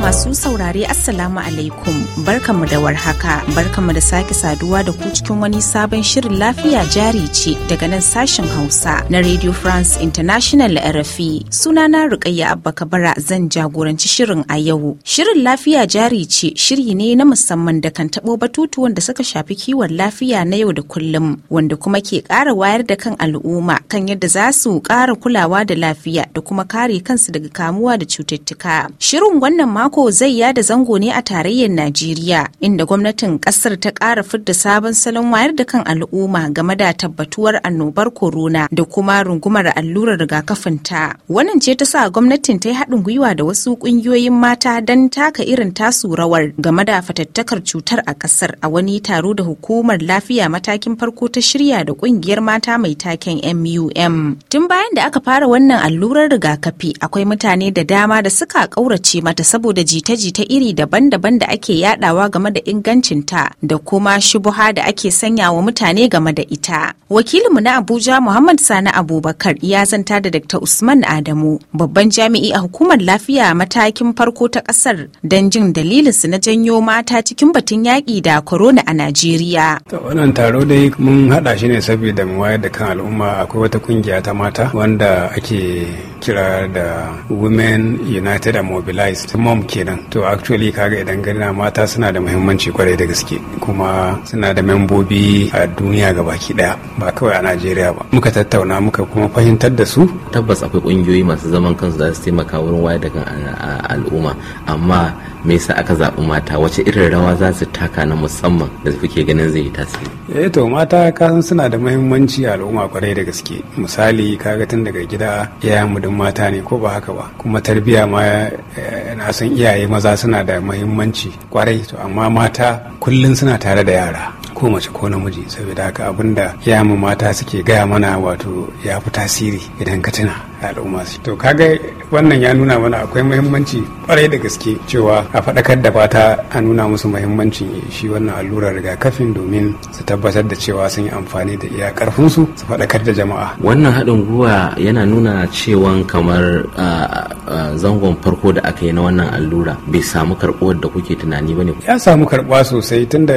programa. masu saurare Assalamu alaikum barkamu da warhaka barkamu da sake saduwa da ku cikin wani sabon shirin lafiya jari ce daga nan sashen Hausa na Radio France International RFI sunana Rukayya Abba Kabara zan jagoranci shirin a yau. Shirin lafiya jari ce shiri ne na musamman da kan tabo batutuwan da suka shafi kiwon lafiya na yau da kullum wanda kuma ke ƙara wayar da kan al'umma kan yadda za su ƙara kulawa da lafiya da kuma kare kansu daga kamuwa da cututtuka. Shirin wannan mako zai yada zango ne a tarayyar Najeriya inda gwamnatin kasar ta ƙara fidda sabon salon wayar da kan al'umma game da tabbatuwar annobar corona da kuma rungumar allurar rigakafin ta. Wannan ce ta sa gwamnatin ta yi haɗin gwiwa da wasu ƙungiyoyin mata don taka irin tasu rawar game da fatattakar cutar a kasar a wani taro da hukumar lafiya matakin farko ta shirya da ƙungiyar mata mai taken MUM. Tun bayan da aka fara wannan allurar rigakafi akwai mutane da dama da suka ƙaurace mata saboda jita-jita iri daban-daban da ake yadawa game da ingancinta da kuma shubuha da ake sanya wa mutane game da ita. Wakilinmu na Abuja Muhammad Sani Abubakar ya zanta da Dr. Usman Adamu, babban jami'i a hukumar lafiya matakin farko ta kasar don jin dalilinsu na janyo mata cikin batun yaƙi da korona a Najeriya. Wannan taro dai mun haɗa shi ne saboda mu wayar da kan al'umma akwai wata kungiya ta mata wanda ake kira da women united and mobilized mom kenan to actually kaga idan gana mata suna da muhimmanci kwarai da gaske kuma suna da membobi a duniya ga baki daya ba kawai a najeriya ba muka tattauna muka kuma fahimtar da su tabbas akwai kungiyoyi masu zaman kansu za su taimaka wurin wayar da kan al'umma amma me yasa aka zaɓi mata wace irin rawa za su taka na musamman da kuke ganin zai yi tasiri eh to mata kasan suna da muhimmanci a al'umma kwarai da gaske misali ka ga tun daga gida iyayenmu duk mata ne ko ba haka ba kuma tarbiyya ma eh, na san iyaye maza suna da muhimmanci kwarai to amma mata kullum suna tare da yara ko mace ko namiji saboda haka abinda iyayenmu mata suke gaya mana wato ya fi tasiri idan ka tuna al'umma su to kaga wannan ya nuna mana akwai muhimmanci kwarai da gaske cewa a faɗakar da fata a nuna musu muhimmancin shi wannan allurar rigakafin domin su tabbatar da cewa sun yi amfani da iya karfinsu su faɗakar da jama'a wannan haɗin gwiwa yana nuna cewa kamar ah, Eh, zangon farko da aka yi na wannan allura bai samu karbuwar da kuke tunani ba ne ya samu karbuwa sosai tunda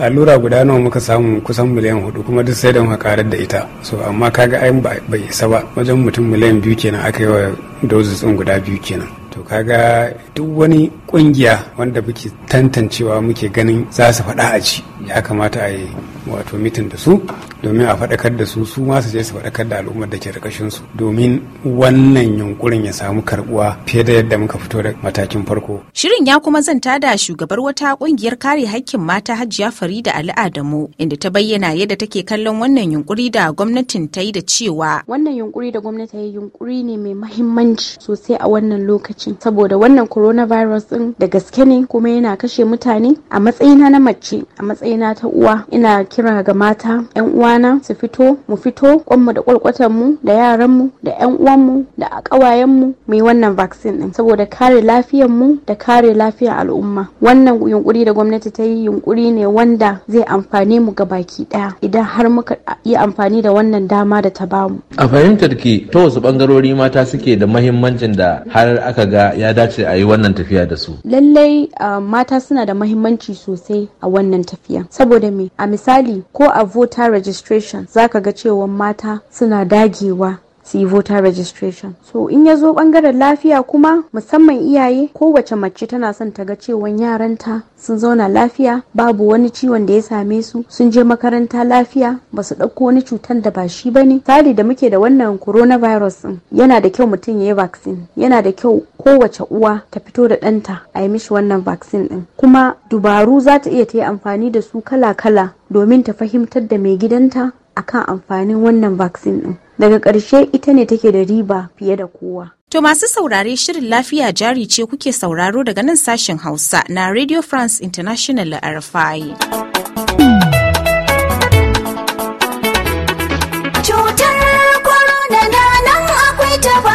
allura guda nawa muka samu kusan miliyan hudu kuma duk sai da muka karar da ita so amma kaga ai bai isa ba wajen mutum miliyan biyu kenan aka yi wa dozis ɗin guda biyu kenan to kaga duk wani kungiya wanda muke tantancewa muke ganin za su faɗa a ci ya kamata a yi wato mitin da su domin a faɗakar da su su ma su je su faɗakar da al'ummar da ke kashin su domin wannan yunkurin ya samu karbuwa fiye da yadda muka fito da matakin farko. Shirin ya kuma zanta da shugabar wata ƙungiyar kare hakkin mata Hajiya Farida Ali Adamu inda ta bayyana yadda take kallon wannan yunkuri da gwamnatin ta yi da cewa wannan yunkuri da gwamnati ya yunkuri ne mai mahimmanci sosai a wannan lokacin saboda wannan coronavirus din da gaske ne kuma yana kashe mutane a matsayina na mace a matsayina ta uwa ina kira ga mata yan uwana su fito mu fito kwanmu da kwalkwatan mu da yaran mu da yan uwanmu da ƙawayen mu mu yi wannan vaccine din saboda kare lafiyar mu da kare lafiyar al'umma wannan yunkuri da gwamnati ta yi yunkuri ne wanda zai amfane mu ga baki daya idan har muka yi amfani da wannan dama da ta bamu a fahimtar ki ta wasu bangarori mata suke da mahimmancin da har aka ga ya dace a yi wannan tafiya da su lallai ah, mata suna da mahimmanci sosai a wannan tafiya saboda me a misali misali ko a voter registration za ka ga cewa mata suna dagewa su yi voter registration so in ya zo bangaren lafiya kuma musamman iyaye kowace mace tana son ta ga cewa yaranta sun zauna lafiya babu wani ciwon da ya same su sun je makaranta lafiya ba su ɗauko wani cutar da ba shi bane tsari da muke da wannan coronavirus din yana da kyau mutum ya yi vaccine yana da kyau kowace uwa ta fito da ɗanta a yi mishi wannan vaccine din kuma dubaru za ta iya ta yi amfani da su kala-kala domin ta fahimtar da mai gidanta akan amfanin wannan vaccine din daga ƙarshe ita ne take da riba fiye da kowa. To masu saurare shirin lafiya jari ce kuke sauraro daga nan sashen Hausa na Radio France International RFI. Cutar corona na nan akwai ta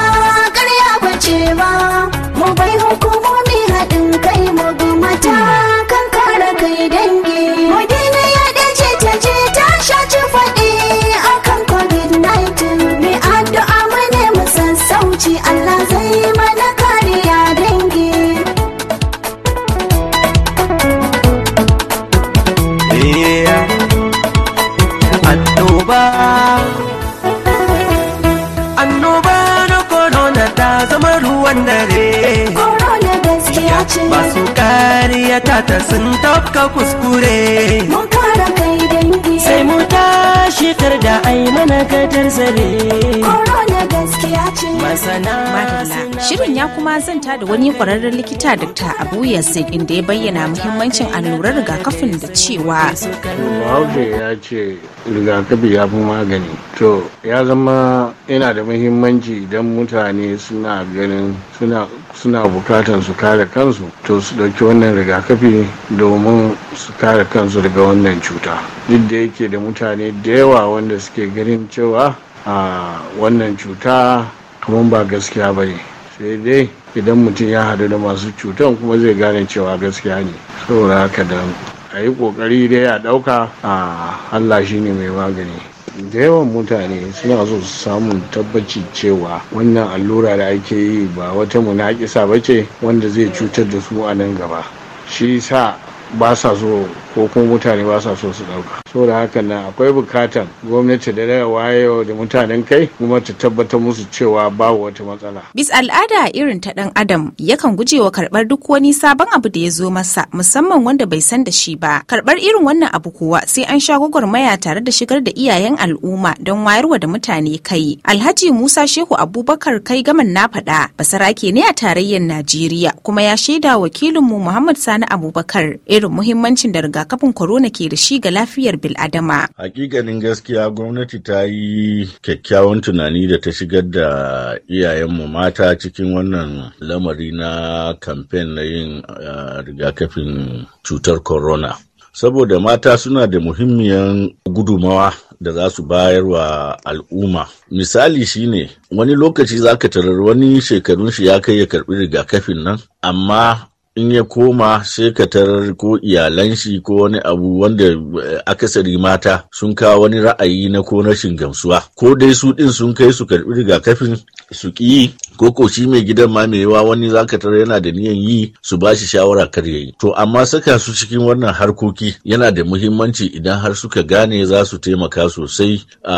ta zama ruwan dare korona gaskiya ce su kariya ta ta sun tafka kuskure shekar da ai mana kadar zare. gaskiya Shirin ya kuma zanta da wani kwararren likita Dr. Abu Yasir inda ya bayyana muhimmancin allurar rigakafin da cewa. Bahaushe ya ce rigakafi ya fi magani. To ya zama yana da muhimmanci idan mutane suna ganin suna suna bukatan su kare kansu to su ɗauki wannan rigakafi domin su kare kansu daga wannan cuta duk da yake da mutane da yawa wanda suke ganin cewa a wannan cuta kamar ba gaskiya ba ne sai dai idan mutum ya hadu da masu cutan kuma zai gane cewa gaskiya ne saboda haka da a yi ƙoƙari dai a ɗauka a hallashi ne mai magani da yawan mutane suna so su samu tabbaci cewa wannan allura da ake yi ba wata munakisa ba ce wanda zai cutar da su a nan gaba shi sa ba sa so ko kuma mutane ba sa so su ɗauka saboda haka na akwai bukatan gwamnati da daga wayo da mutanen kai kuma ta tabbatar musu cewa babu wata matsala bis al'ada irin ta ɗan adam yakan guje wa karɓar duk wani sabon abu da ya zo masa musamman wanda bai san da shi ba karɓar irin wannan abu kuwa sai an sha gwagwarmaya tare da shigar da iyayen al'umma don wayarwa da mutane kai alhaji musa shehu abubakar kai gaman na faɗa basarake ne a tarayyar najeriya kuma ya shaida wakilinmu muhammad sani abubakar irin muhimmancin da riga rigakafin corona ke da shi ga lafiyar bil'adama. Hakikanin gaskiya gwamnati ta yi kyakkyawan tunani da ta shigar da iyayenmu mata cikin wannan lamari na kamfen na yin ah, rigakafin cutar corona. Saboda mata suna da muhimmiyar gudumawa da za su bayar wa al'umma. Misali shine wani lokaci za ka tarar wani shekarun shi ya kai ya karɓi rigakafin nan, amma in ya koma sai ka tarar ko iyalan shi ko wani abu wanda eh, akasari mata sun kawo wani ra'ayi na ko rashin gamsuwa ko dai su din sun kai su karbi rigakafin su ki yi ko shi mai gidan ma mai yawa wani zaka tara yana da niyan yi su ba shi shawara kar ya yi to amma saka su cikin wannan harkoki yana da muhimmanci idan har suka gane za su taimaka sosai a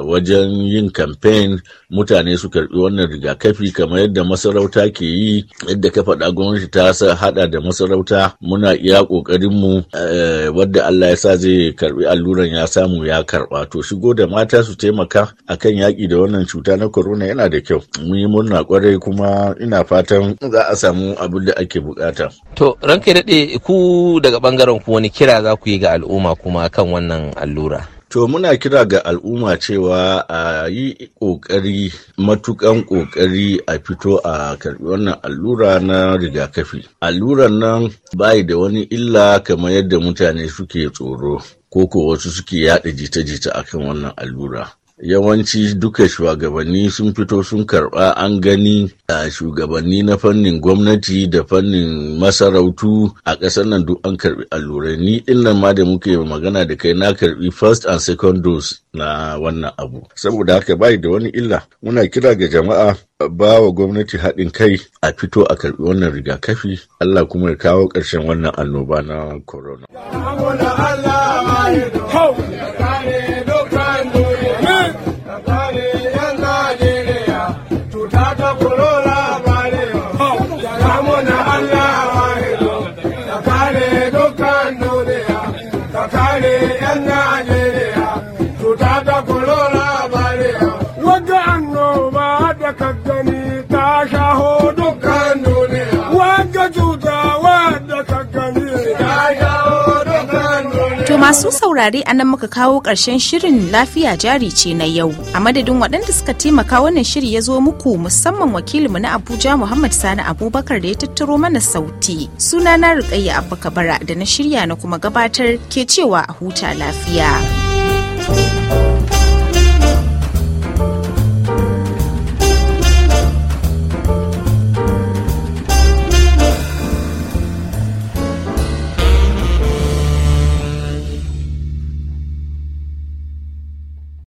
wajen yin kamfen mutane su karbi wannan rigakafi kamar yadda masarauta ke yi yadda ka faɗa gwamnati ta hada da masarauta muna iya ƙoƙarin mu eh, wadda Allah ya sa zai karbi alluran ya samu ya karba to shigo da mata su taimaka akan yaƙi da wannan cuta na kwaro. haruna yana da kyau mun yi murna kwarai kuma ina fatan za a samu abin da ake bukata to ranka daɗe ku daga ɓangaren ku wani kira za ku yi ga al'umma kuma kan wannan allura To muna kira ga al'umma cewa a yi ƙoƙari matukan ƙoƙari a fito a karɓi wannan allura na rigakafi. Alluran nan bayi da wani illa kamar yadda mutane suke tsoro ko ko wasu suke yaɗa jita-jita akan wannan allura. yawanci duka shugabanni sun fito sun karba an gani a shugabanni na fannin gwamnati da fannin masarautu a ƙasar nan duk an karbi allurai ni din nan ma da muke magana da kai na karbi first and second dose na wannan abu saboda haka bai da wani illa muna kira ga jama'a ba wa gwamnati haɗin kai a fito a karbi wannan rigakafi Allah kuma ya kawo ƙarshen wannan annoba na corona. Corona. masu saurare a nan muka kawo ƙarshen shirin lafiya jari ce na yau. A madadin waɗanda suka taimaka wannan shiri ya zo muku musamman wakilinmu na Abuja Muhammad Sani Abubakar da ya tattaro mana sauti. Suna na Rukayya Abba Kabara da na shirya na kuma gabatar ke cewa a huta lafiya. thank you